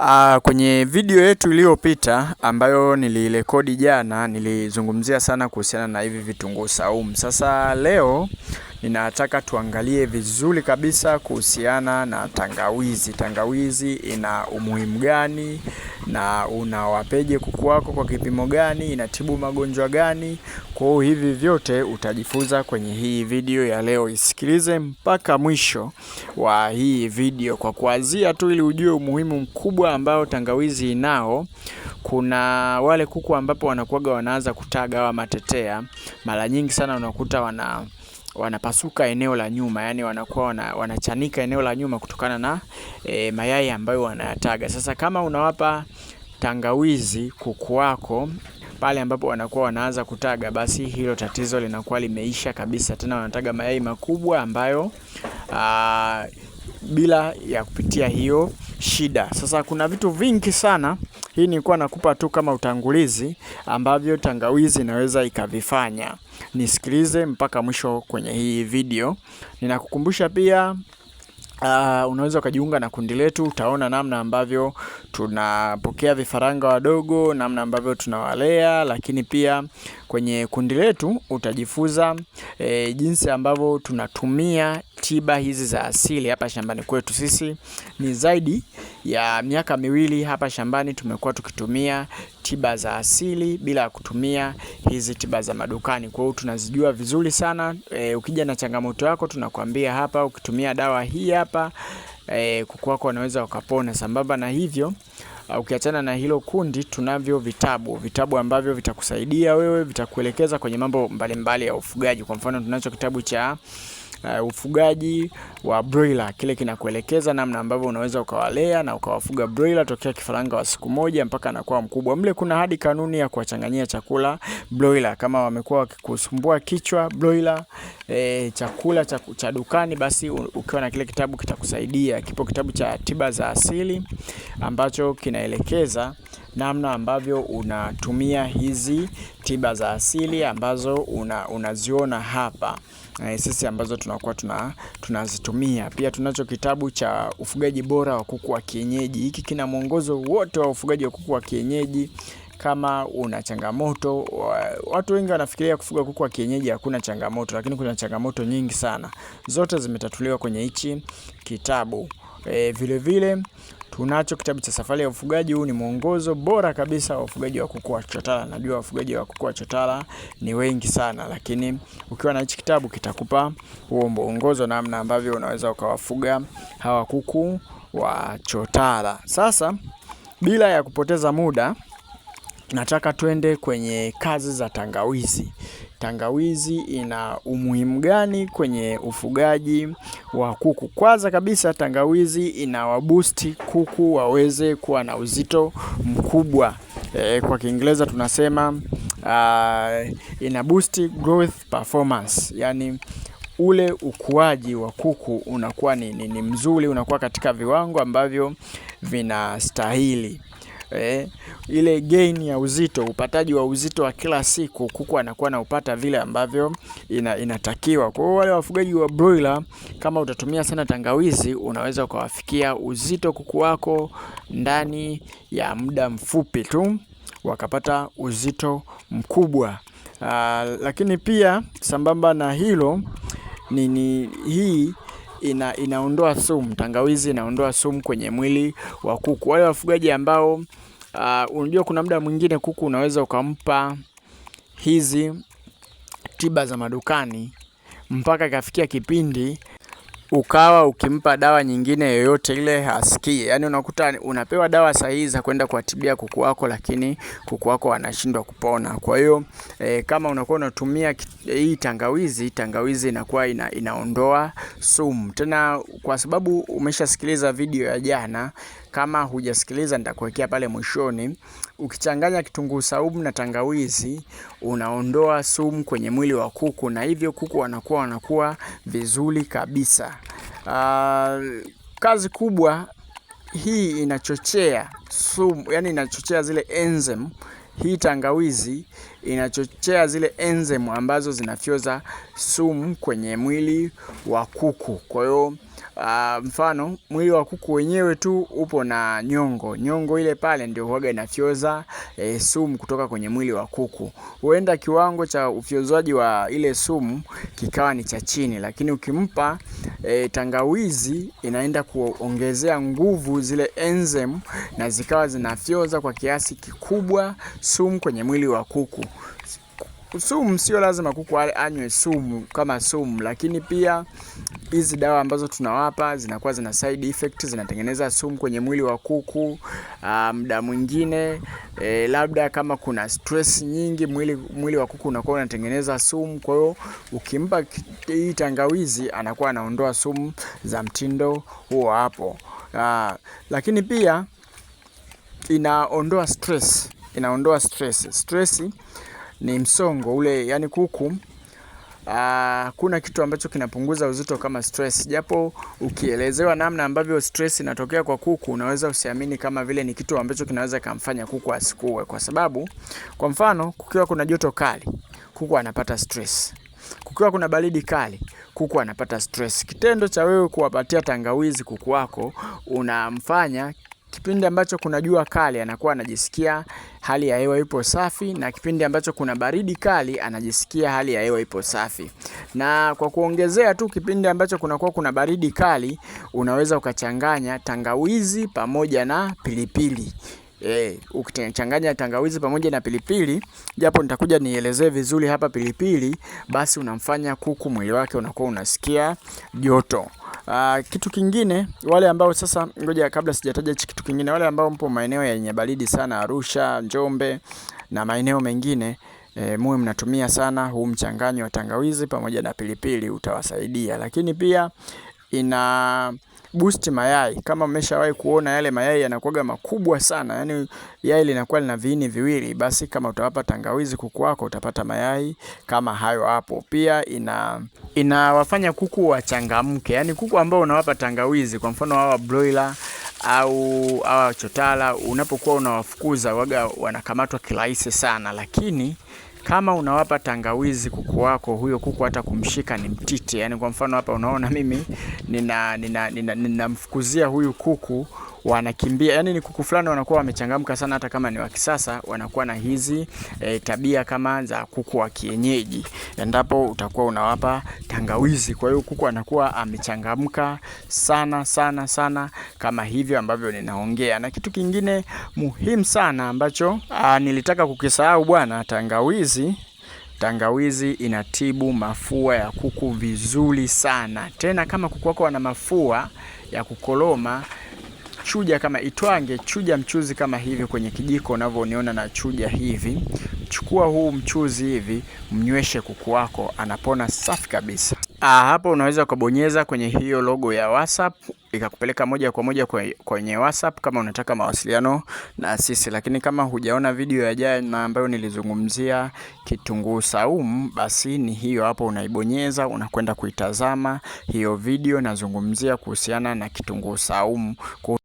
Uh, kwenye video yetu iliyopita ambayo nilirekodi jana nilizungumzia sana kuhusiana na hivi vitunguu saumu. Sasa leo ninataka tuangalie vizuri kabisa kuhusiana na tangawizi. Tangawizi ina umuhimu gani? na unawapeje kuku wako kwa kipimo gani, inatibu magonjwa gani. Kwa hiyo hivi vyote utajifunza kwenye hii video ya leo. Isikilize mpaka mwisho wa hii video kwa kuanzia tu, ili ujue umuhimu mkubwa ambao tangawizi inao. Kuna wale kuku ambapo wanakuwaga wanaanza kutaga wa matetea, mara nyingi sana unakuta wana wanapasuka eneo la nyuma, yani wanakuwa wana, wanachanika eneo la nyuma kutokana na e, mayai ambayo wanayataga. Sasa kama unawapa tangawizi kuku wako pale ambapo wanakuwa wanaanza kutaga, basi hilo tatizo linakuwa limeisha kabisa. Tena wanataga mayai makubwa ambayo aa, bila ya kupitia hiyo shida. Sasa kuna vitu vingi sana hii nilikuwa nakupa tu kama utangulizi ambavyo tangawizi inaweza ikavifanya. Nisikilize mpaka mwisho kwenye hii video. Ninakukumbusha pia Uh, unaweza ukajiunga na kundi letu. Utaona namna ambavyo tunapokea vifaranga wadogo, namna ambavyo tunawalea, lakini pia kwenye kundi letu utajifunza e, jinsi ambavyo tunatumia tiba hizi za asili hapa shambani kwetu. Sisi ni zaidi ya miaka miwili hapa shambani tumekuwa tukitumia tiba za asili bila ya kutumia hizi tiba za madukani. Kwa hiyo tunazijua vizuri sana e, ukija na changamoto yako tunakwambia hapa, ukitumia dawa hii hapa e, kuku wako wanaweza wakapona. Sambamba na hivyo Uh, ukiachana na hilo kundi, tunavyo vitabu, vitabu ambavyo vitakusaidia wewe, vitakuelekeza kwenye mambo mbalimbali mbali ya ufugaji. Kwa mfano tunacho kitabu cha uh, ufugaji wa broiler. Kile kinakuelekeza namna ambavyo unaweza ukawalea na ukawafuga broiler tokea kifaranga wa siku moja mpaka anakuwa mkubwa. Mle kuna hadi kanuni ya kuwachanganyia chakula broiler, kama wamekuwa wakikusumbua kichwa broiler e, chakula cha dukani, basi ukiwa na kile kitabu kitakusaidia. Kipo kitabu cha tiba za asili ambacho kinaelekeza namna ambavyo unatumia hizi tiba za asili ambazo unaziona una hapa eh, sisi ambazo tunakuwa tuna tunazitumia. Pia tunacho kitabu cha ufugaji bora wa kuku wa kienyeji. Hiki kina mwongozo wote wa ufugaji wa kuku wa kienyeji. Kama una changamoto, watu wengi wanafikiria kufuga kuku wa kienyeji hakuna changamoto, lakini kuna changamoto nyingi sana, zote zimetatuliwa kwenye hichi kitabu. E, vile vile tunacho kitabu cha safari ya ufugaji. Huu ni mwongozo bora kabisa wa ufugaji wa kuku wa chotara. Najua wafugaji wa kuku wa chotara ni wengi sana, lakini ukiwa na hichi kitabu kitakupa huo mwongozo, namna ambavyo unaweza ukawafuga hawa kuku wa chotara. Sasa bila ya kupoteza muda nataka twende kwenye kazi za tangawizi tangawizi ina umuhimu gani kwenye ufugaji wa kuku? Kwanza kabisa, tangawizi wabusti kuku waweze kuwa na uzito mkubwa. E, kwa Kiingereza tunasema uh, ina boost growth performance, yani ule ukuaji wa kuku unakuwa ni, ni, ni mzuri, unakuwa katika viwango ambavyo vinastahili eh, ile gain ya uzito, upataji wa uzito wa kila siku, kuku anakuwa upata vile ambavyo ina, inatakiwa. Kwa hiyo wale wafugaji wa broiler, kama utatumia sana tangawizi, unaweza ukawafikia uzito kuku wako ndani ya muda mfupi tu wakapata uzito mkubwa. Aa, ah, lakini pia sambamba na hilo ni, ni hii ina, inaondoa sumu. Tangawizi inaondoa sumu kwenye mwili wa kuku. Wale wafugaji ambao uh, unajua kuna muda mwingine kuku unaweza ukampa hizi tiba za madukani mpaka ikafikia kipindi ukawa ukimpa dawa nyingine yoyote ile hasikie. Yani unakuta unapewa dawa sahihi za kwenda kuatibia kuku wako, lakini kuku wako anashindwa kupona. Kwa hiyo e, kama unakuwa unatumia hii tangawizi, tangawizi inakuwa ina, inaondoa sumu. Tena kwa sababu umeshasikiliza video ya jana kama hujasikiliza nitakuwekea pale mwishoni. Ukichanganya kitunguu saumu na tangawizi, unaondoa sumu kwenye mwili wa kuku na hivyo kuku wanakuwa wanakuwa vizuri kabisa. Uh, kazi kubwa hii inachochea sumu, yani inachochea zile enzyme hii tangawizi inachochea zile enzyme ambazo zinafyoza sumu kwenye mwili wa kuku. Kwa hiyo uh, mfano mwili wa kuku wenyewe tu upo na nyongo. Nyongo ile pale ndio huaga inafyoza e, eh, sumu kutoka kwenye mwili wa kuku. Huenda kiwango cha ufyozwaji wa ile sumu kikawa ni cha chini, lakini ukimpa e, tangawizi inaenda kuongezea nguvu zile enzyme na zikawa zinafyoza kwa kiasi kikubwa sumu kwenye mwili wa kuku. Sumu sio lazima kuku anywe sumu kama sumu, lakini pia hizi dawa ambazo tunawapa zinakuwa zina side effect, zinatengeneza sumu kwenye mwili wa kuku. Ah, muda um, mwingine e, labda kama kuna stress nyingi mwili, mwili wa kuku unakuwa unatengeneza sumu. Kwa hiyo ukimpa hii tangawizi anakuwa anaondoa sumu za mtindo huo hapo. Uh, lakini pia inaondoa stress, inaondoa stress. Stress ni msongo ule, yani kuku Ah, kuna kitu ambacho kinapunguza uzito kama stress, japo ukielezewa namna ambavyo stress inatokea kwa kuku unaweza usiamini kama vile ni kitu ambacho kinaweza kumfanya kuku asikue, kwa sababu kwa mfano kukiwa kuna joto kali kuku anapata stress, kukiwa kuna baridi kali kuku anapata stress. Kitendo cha wewe kuwapatia tangawizi kuku wako unamfanya Kipindi ambacho kuna jua kali anakuwa anajisikia hali ya hewa ipo safi, na kipindi ambacho kuna baridi kali anajisikia hali ya hewa ipo safi. Na kwa kuongezea tu, kipindi ambacho kunakuwa kuna baridi kali unaweza ukachanganya tangawizi pamoja na pilipili. E, ukichanganya tangawizi pamoja na pilipili, japo nitakuja nielezee vizuri hapa pilipili, basi unamfanya kuku mwili wake unakuwa unasikia joto. Uh, kitu kingine wale ambao sasa, ngoja kabla sijataja chiki pengine wale ambao mpo maeneo yenye baridi sana, Arusha, Njombe na maeneo mengine e, muwe mnatumia sana huu mchanganyo wa tangawizi pamoja na pilipili, utawasaidia. Lakini pia ina boost mayai. Kama mmeshawahi kuona yale mayai yanakuwa makubwa sana, yani yai linakuwa lina viini viwili, basi kama utawapa tangawizi kuku wako utapata mayai kama hayo hapo. Pia ina inawafanya kuku wachangamke, yani kuku ambao unawapa tangawizi, kwa mfano hawa broiler au awa chotala unapokuwa unawafukuza waga wanakamatwa kirahisi sana, lakini kama unawapa tangawizi kuku wako, huyo kuku hata kumshika ni mtiti. Yani kwa mfano hapa unaona mimi ninamfukuzia nina, nina, nina huyu kuku wanakimbia, yani ni kuku fulani wanakuwa wamechangamka sana, hata kama ni wa kisasa wanakuwa na hizi e, tabia kama za kuku wa kienyeji, endapo utakuwa unawapa tangawizi. Kwa hiyo kuku anakuwa amechangamka sana sana sana, kama hivyo ambavyo ninaongea. Na kitu kingine muhimu sana ambacho a, ah, nilitaka kukisahau bwana, tangawizi Tangawizi inatibu mafua ya kuku vizuri sana. Tena kama kuku wako wana mafua ya kukoloma chuja kama itwange, chuja mchuzi kama hivi kwenye kijiko unavyoniona na chuja hivi. Chukua huu mchuzi hivi, mnyweshe kuku wako, anapona safi kabisa. Ah, hapo unaweza ukabonyeza kwenye hiyo logo ya WhatsApp ikakupeleka moja kwa moja kwenye WhatsApp kama unataka mawasiliano na sisi. Lakini kama hujaona video ya jana ambayo nilizungumzia kitunguu saumu, basi ni hiyo hapo, unaibonyeza unakwenda kuitazama hiyo video, nazungumzia kuhusiana na kitunguu saumu.